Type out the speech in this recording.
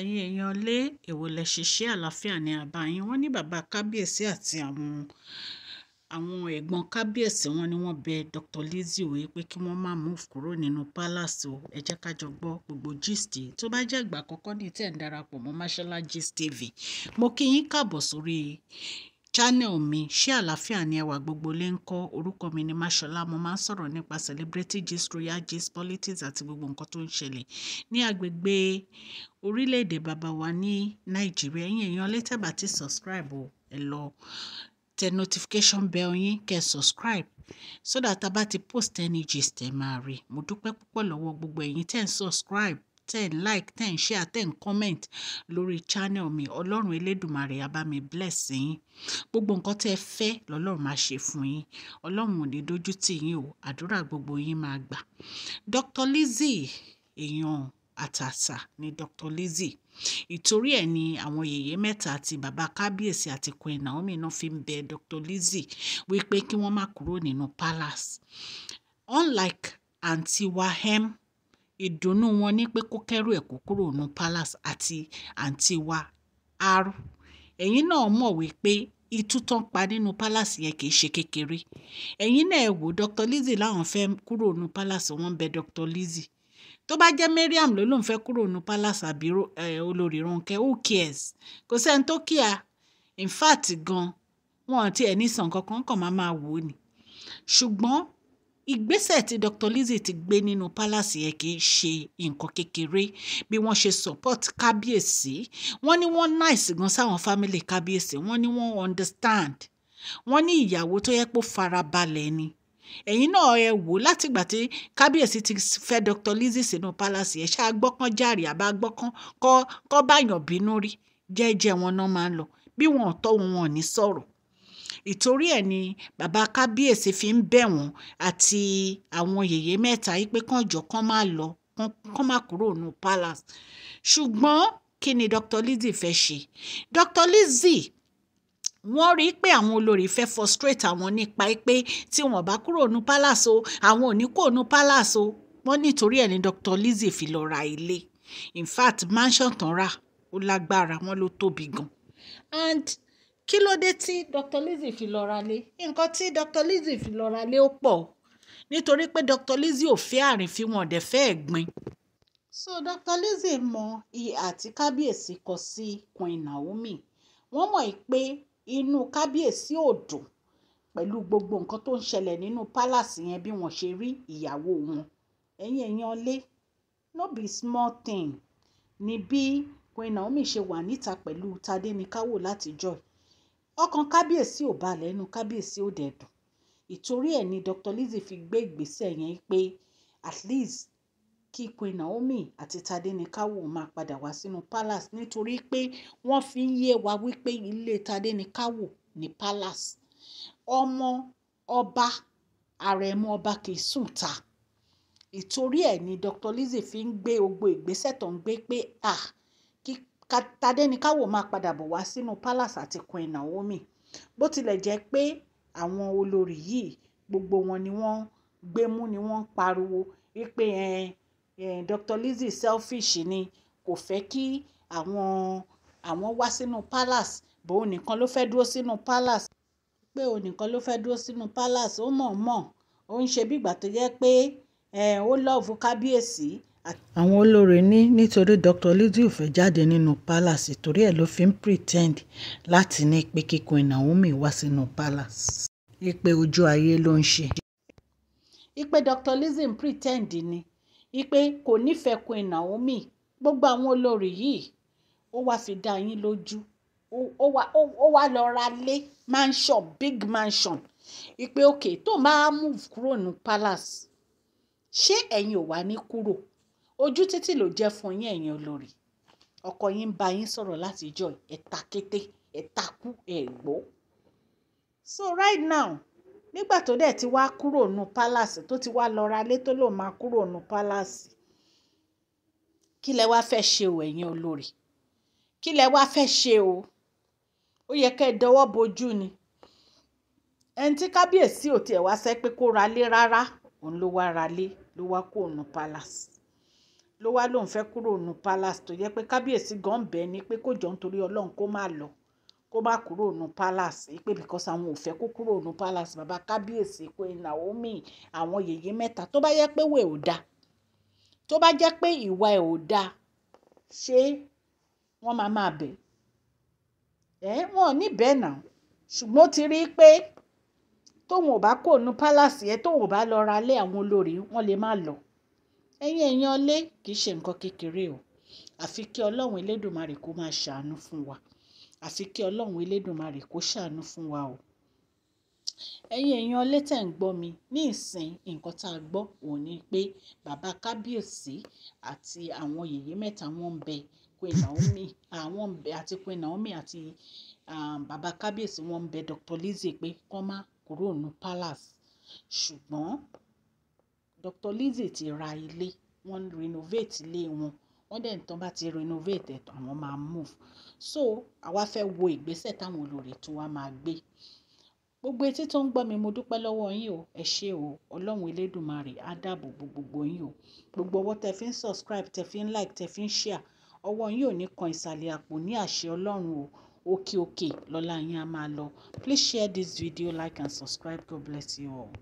ẹ̀yin èèyàn lé èwo lẹ ṣiṣẹ́ àlàáfíà ní àbá yín wọ́n ní bàbá kábíyèsí àti àwọn àwọn ẹ̀gbọ́n kábíyèsí wọn ni wọ́n bẹ Dr. Lizzie wí pé kí wọ́n má move kúrò nínú palace o ẹ jẹ́ ká jọ gbọ́ gbogbo gist tó bá jẹ́ ìgbà àkọ́kọ́ ní tẹ̀ ń darapọ̀ mọ́ Mashola Gist TV mo kí yín káàbọ̀ sórí channel mi ṣé àlàáfíà ni ẹwà gbogbo lè ń kọ́ orúkọ mi ni Máṣọlá mo máa ń sọ̀rọ̀ nípa celebrity gist royal gist politics àti gbogbo nǹkan tó ń ṣẹlẹ̀ ní agbègbè orílẹ̀-èdè bàbá wa ní Nàìjíríà ẹ̀yin èèyàn létẹ́bà ti subscribe o ẹ lọ tẹ notification bell yín kẹ́ subscribe so that a bá ti post any gist ẹ máa rí mo dúpẹ́ púpọ̀ lọ́wọ́ gbogbo ẹ̀yin tẹ́ ń subscribe Ten like ten share ten comment lórí channel mi ọlọ́run elédùnmarè á bá mi bless yín gbogbo nǹkan tẹ́ ẹ fẹ́ lọ́lọ́run máa ṣe fún yín ọlọ́run ò ní dojú tì yín o àdúrà gbogbo yín máa gbà Dr. Lizzie èèyàn àtàtà ni Dr. Lizzie ìtorí ẹ̀ ni àwọn yèyé mẹ́ta àti bàbá kábíyèsí àti Queen Naomi náà fi ń bẹ Dr. Lizzie wípé kí wọ́n má kúrò nínú palace unlike àǹtí wahem ìdùnnú wọn ní pé kó kẹ́rù ẹ̀ kó kúrò ní palace àti àǹtí wa r ẹ̀yin náà mọ̀ wípé itú tán pa nínú palace yẹn kì í ṣe kékeré ẹ̀yin náà ẹ̀ wò Dr. Lizzy láwọn fẹ́ kúrò ní palace wọ́n bẹ Dr. Lizzy tó bá jẹ́ Mariam ló lóun fẹ́ kúrò ní palace àbí olórí Ronke who cares kò sẹ́ni tó kíá in fact gan wọn àti ẹ̀ ní sàn kankan kàn máa wò ó ni ṣùgbọ́n ìgbésẹ̀ tí Dr. Lizzie ti gbé nínú pálásì yẹn kì í ṣe nǹkan kékeré bí wọ́n ṣe support kábíyèsí wọ́n ní wọ́n nice gan sáwọn family kábíyèsí wọ́n ní wọ́n understand wọ́n ní ìyàwó tó yẹ pé farabalẹ̀ ni ẹ̀yin náà ẹ wò látìgbà tí kábíyèsí ti fẹ́ Dr. Lizzie sínú pálásì yẹn ṣáà gbọ́kàn jàre àbá gbọ́kàn kọ́ báyàn bínú rí jẹ́jẹ́ wọn náà máa ń lọ bí wọn ò tọ́ wọn ò ní sọ̀rọ̀ ìtorí ẹ̀ ni bàbá kábíyèsí fi ń bẹ̀ wọ́n àti àwọn yèyé mẹ́ta yìí pé kàn jọ kàn má lọ kàn má kúrò ní palace ṣùgbọ́n kí ni Dr. Lizzy fẹ́ ṣe Dr. Lizzy wọ́n rí i pé àwọn olórí fẹ́ frustrate àwọn nípa pé tí wọ́n bá kúrò ní palace o àwọn ò ní kúrò ní palace o wọ́n nítorí ẹ̀ ni Dr. Lizzy fi lọ ra ilé in fact mansion tán rà ó lágbára wọn ló tóbi gan and kí ló dé tí Dr. Lizzie fi lọ ra lé nǹkan tí Dr. Lizzie fi lọ ra lé ó pọ̀ nítorí pé Dr. Lizzie ò fẹ́ àrìnfín wọn ọ̀dẹ̀ fẹ́ ẹ̀gbin so Dr. Lizzie mọ ìhà tí kábíyèsí kọ sí Queen Naomi wọ́n mọ̀ pé inú kábíyèsí ò dùn pẹ̀lú gbogbo nǹkan tó ń ṣẹlẹ̀ nínú pálàsì yẹn bí wọ́n ṣe rí ìyàwó wọn ẹ̀yin èèyàn lé no be small thing ni bí Queen Naomi ṣe wà níta pẹ̀lú Tadéníkáwò látijọ́ yìí ọkàn kábíyèsí ò balẹ̀ inú kábíyèsí ò dẹ̀dùn ìtorí ẹ̀ ni Dr. Lizzie fi gbé ìgbésẹ̀ yẹn pé at least kí Queen Naomi àti Tadenikawo máa padà wá sínú palace nítorí pé wọ́n fi ń yé wa wípé ilé Tadenikawo ní palace ọmọ ọba àrẹ̀mọ ọba kì í sùn ta ìtorí ẹ̀ ni Dr. Lizzie fi ń gbé gbogbo ìgbésẹ̀ tó ń gbé pé ah Tádéníkáwò máa padà bọ̀ wá sínú palace àti Queen Naomi. Bó tilẹ̀ jẹ́ pé àwọn olórí yìí gbogbo wọn ni wọ́n gbémú ni wọ́n pariwo wípé ẹn, Dr. Lizzy selfish ni kò fẹ́ kí àwọn, àwọn wá sínú palace, bó nìkan ló fẹ́ dúró sínú palace, pé òun nìkan ló fẹ́ dúró sínú palace, ó mọ̀ọ́mọ̀, ó ń ṣe bí ìgbà tó jẹ́ pé ó love kábíyèsí àwọn olórí ní nítorí dr liddle fẹ́ jáde nínú palace torí ẹ̀ ló fi ń pretend láti ní pé kí queen naomi wá sínú palace ipe ojú ayé ló ń ṣe. ipe dr liddle ń pretend ni ipe kò nífẹ̀ẹ́ queen naomi gbogbo àwọn olórí yìí ó wáá fi dá yín lójú ó wá lọ ra lé mansion big mansion ipe òkè tó máa move kúrò ní palace ṣé ẹ̀yin ò wá ní kúrò ojú títì ló jẹ́ fún yín ẹ̀yin olórí ọkọ yín ń bá yín sọ̀rọ̀ láti ìjọ ẹ̀ta kété ẹ̀ta kú ẹ̀gbọ́. so right now nígbà tó dẹ̀ ti wá kúrò nù pálásì tó ti wá lọ́ra lé tó lòun máa kúrò nù pálásì kí lẹ wá fẹ́ ṣe o ẹ̀yin olórí kí lẹ wá fẹ́ ṣe o ó yẹ kẹ́ ẹ dọwọ́ bojú ni ẹni tí kábíyèsí ò tiẹ̀ wá sẹ́ pé kó ra lé rárá òun ló wá ra lé ló wá kó nù pálásì ló wá lóun fẹ́ kúrò nù palace tó yẹ pé kábíyèsí gan bẹ́ẹ̀ ni pé kó jọ nítorí ọlọ́run kó má lọ kó má kúrò nù palace pé because àwọn ò fẹ́ kó kúrò nù palace bàbá kábíyèsí pé Naomi àwọn yèyé mẹ́ta tó bá yẹ pé wẹ̀ ò da tó bá jẹ́ pé ìwà ẹ̀ ò da ṣé wọ́n máa máa bẹ̀ ẹ́ wọn ò ní bẹ́ẹ̀ náà ṣùgbọ́n ti rí i pé tóun ò bá kó nù palace yẹn tóun ò bá lọ ra lé àwọn olórí wọn lè má lọ ẹ̀yin ẹ̀yin ọlé kì í ṣe nǹkan kékeré o àfi kí ọlọ́run elédùnmarè kó máa ṣàánú fún wa àfi kí ọlọ́run elédùnmarè kó ṣàánú fún wa o ẹ̀yin ẹ̀yin ọlé tẹ̀ ń gbọ́ mi ní ìsìn nǹkan tá a gbọ́ òun ni pé bàbá kábíyèsí àti àwọn yèyé mẹ́ta wọ́n ń bẹ Queen Naomi àwọn àti Queen Naomi àti um, bàbá kábíyèsí wọ́n ń bẹ Dr. Lizzie pé kọ́má kúrò ní palace ṣùgbọ́n Dr. Lizzy ti ra ilé, wọ́n renovate ilé wọn. Wọ́n dẹ̀ tán bá ti renovate ẹ̀ tán, àwọn máa move. So àwa fẹ́ wo ìgbésẹ̀ táwọn olórí tó wá máa gbé. Gbogbo etí tó ń gbọ́ mi, mo dúpẹ́ lọ́wọ́ yín o. Ẹ ṣé o. Ọlọ́run Elédùmarè á dáàbò bo gbogbo yín o. Gbogbo ọwọ́ tẹ fi ń subscribe, tẹ fi ń like, tẹ fi ń share. Ọwọ́ yín ò ní kan ìsàlẹ̀ àpò ní àṣẹ Ọlọ́run o. Òkè òkè lọ́la yín a máa lọ. Please share this video, like and subscribe. God bless you all.